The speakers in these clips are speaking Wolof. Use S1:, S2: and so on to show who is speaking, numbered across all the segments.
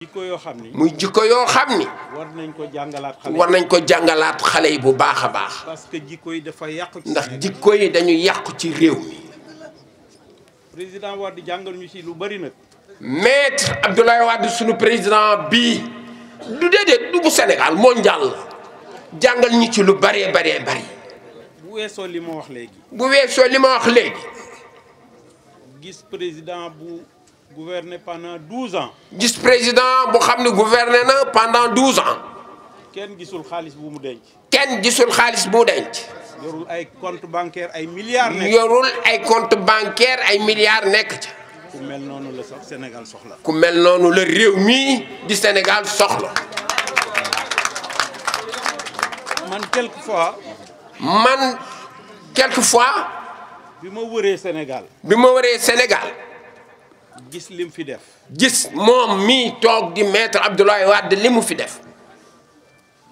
S1: jikko yoo xam ni muy jikko yoo xam ni. war nañ ko jàngalaat xale yi war nañ ko jàngalaat xale yi bu baax a baax. parce
S2: que jikko yi dafa yàqu.
S1: ndax jikko yi dañu yàqu ci réew mi.
S2: président Wade jàngal ñu ci lu bari nag.
S1: maître Abdoulaye Wade sunu président bii du déedéet du bu Sénégal mondial la jàngal ñu ci lu baree baree bari.
S2: bu weesoo li ma wax léegi.
S1: bu weesoo
S2: bu. gouverné pendant 12 ans.
S1: gis président bu xam ne gouverné na pendant 12 ans. Ken gisul xaalis bu mu denc. Ken gisul xaalis bu denc.
S2: yorul ay compte bancaire ay
S1: milliards nek. yorul ay compte bancaire ay milliards nek. ca. ku mel noonu le sax Sénégal soxla. ku mel noonu le réew mii di Sénégal soxla.
S2: man quelques fois.
S1: man quelques fois.
S2: Bima wéré Sénégal.
S1: Bima wéré Sénégal gis lim fi def. gis mom mi tok di maître Abdoulaye wad limu fi def.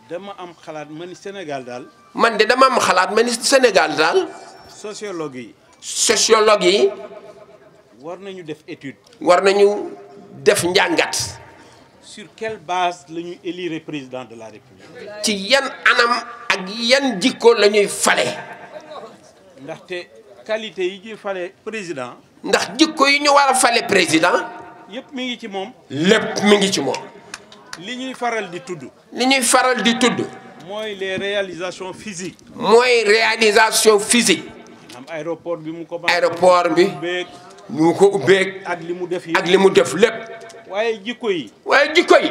S1: dama
S2: am xalaat man ni Sénégal
S1: dal man de dama am xalaat man ni Sénégal dal sociologue yi. sociologue yi. war nañu def étude. war nañu def njangat sur quelle base lañu élire président de la république. ci yan anam ak yan jikko lañuy falé fale. ndaxte
S2: qualité yi ñuy falé président
S1: ndax jikko yi ñu war a président.
S2: yépp mi ngi ci mom
S1: lépp mi ngi ci mom
S2: li ñuy faral di tudd.
S1: li ñuy faral di tudd.
S2: moy les réalisations physiques.
S1: moy réalisation physique.
S2: am aéroport bi mu ko. aéroport bi
S1: ñu ko ubbeek. ak limu def ak limu def lépp. waaye jikko yi. waaye jikko yi.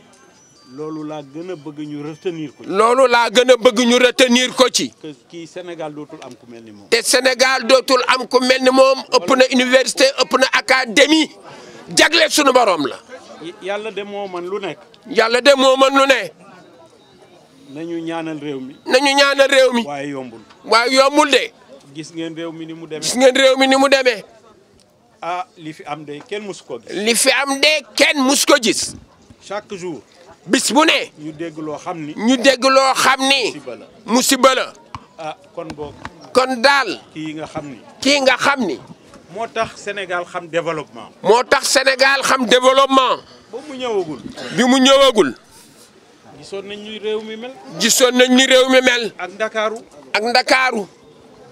S2: loolu laa gën a bëgg ñu retenir ko ci. loolu laa
S1: gën a bëgg ñu retenir ko ci. kii
S2: Sénégal dootul am ku mel ni
S1: moom. te senegal dootul am ku mel ni moom ëpp na université ëpp na académie jagle suñu borom la.
S2: yàlla de moo man lu nekk.
S1: yàlla de moo man lu ne. nañu ñaanal réew mi. nañu ñaanal réew mi. waaye yombul.
S2: waaye yombul gis ngeen réew mi ni mu demee.
S1: gis ngeen mi ni mu demee.
S2: ah li fi am
S1: de kenn mus ko gis. li fi am de ken mus ko gis. chaque jour. bis bu ne.
S2: ñu dégg lo xamni ñu dégg lo xam
S1: ah kon boog. kon nga xamni ni. nga Sénégal xam développement. motax Sénégal xam développement.
S2: bu mu ñëwagul.
S1: bi mu ñëwagul.
S2: gisoon nañ ñu réew mi mel.
S1: gisoon nañ ni réew mi mel. ak Ndakaaru. ak Ndakaaru.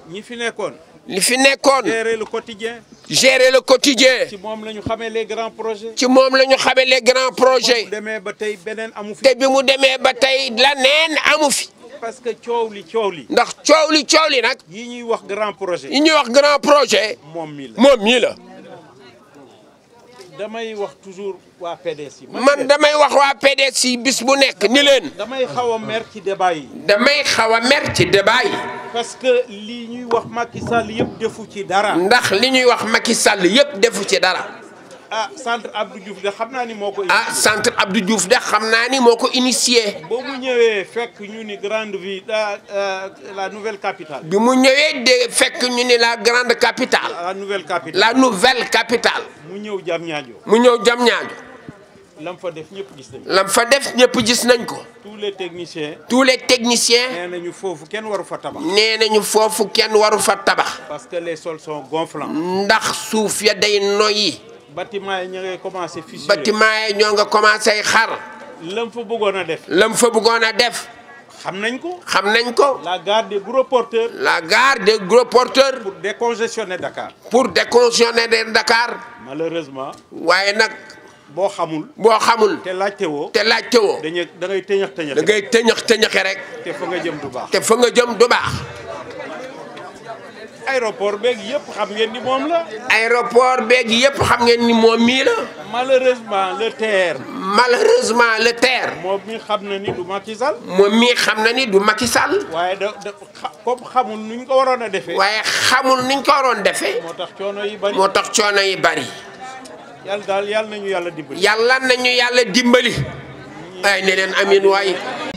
S1: ñi fi nekkoon. li fi nekkoon. le quotidien gérer le quotidien. ci
S2: mom lañu xamé les grands projets. ci mom lañu xamé les grands projets.
S1: Té bi mu démé ba tey amu fi. la amu fi. parce que ciowli ciowli. ndax ciowli ciowli nak yi ñuy wax grand projet. yi ñuy wax grand projet. mom mi la moom mii la.
S2: damay wax toujours wa PDS yi. man
S1: damay wax wa PDS yi bis bu nekk ni leen. damay xawa a mer ci débat yi. damay xawa a mer ci débat yi parce que li ñuy wax Macky Sall yëpp defu ci dara. ndax li ñuy wax Macky Sall yëpp defu ci dara. ah centre Abdou Diouf de xam ni moo ah centre Abdou Diouf de xam ni moo ko initié. ba mu ñëwee fekk ñu
S2: grande ville euh, la nouvelle capitale. bi mu
S1: ñëwee de fekk ñu la grande capitale. la nouvelle capitale la nouvelle capitale. mu ñëw Diamniadio. mu ñëw Diamniadio
S2: lam fa def ñep gis nañ ko. lam fa def gis nañ ko. tous les techniciens. tous
S1: les techniciens. nee nañu foofu kenn waru fa tabax. nañu waru fa tabax.
S2: parce que les sols sont gonflants. ndax souf ya day noyi bâtiment yi ñoo commencé fissurer. bâtiment yi nga commencé xar.
S1: lam fa bëggoon def. lam fa bëggona def. xam nañ ko. xam nañ ko. la gare des gros porteurs. la gare des gros porteurs. pour décongestionner Dakar. pour décongestionner Dakar. malheureusement. Waye nak boo xamul. boo xamul. te laajte woo. te laajte woo. dañuy da ngay tëñax tëñaxe. da rek. te fa nga jëm du baax. te fa nga jëm du baax. aéroport beeg yëpp xam ngeen ni la. aéroport beeg yëpp xam ngeen ni moom mii la. malheureusement le TER. malheureusement le TER. moom mii xam na ni du Macky Sall. moom mii xam na ni du Macky Sall. waaye da da comme xamul nuñ ko waroon a defee. waaye xamul nuñ ko waroon defee. moo tax coono yi bari moo tax coono yi bari. yàlla daal yàlla nañu yàlla dimbali. na ñu yàlla dimbali. ay ne leen amin waay.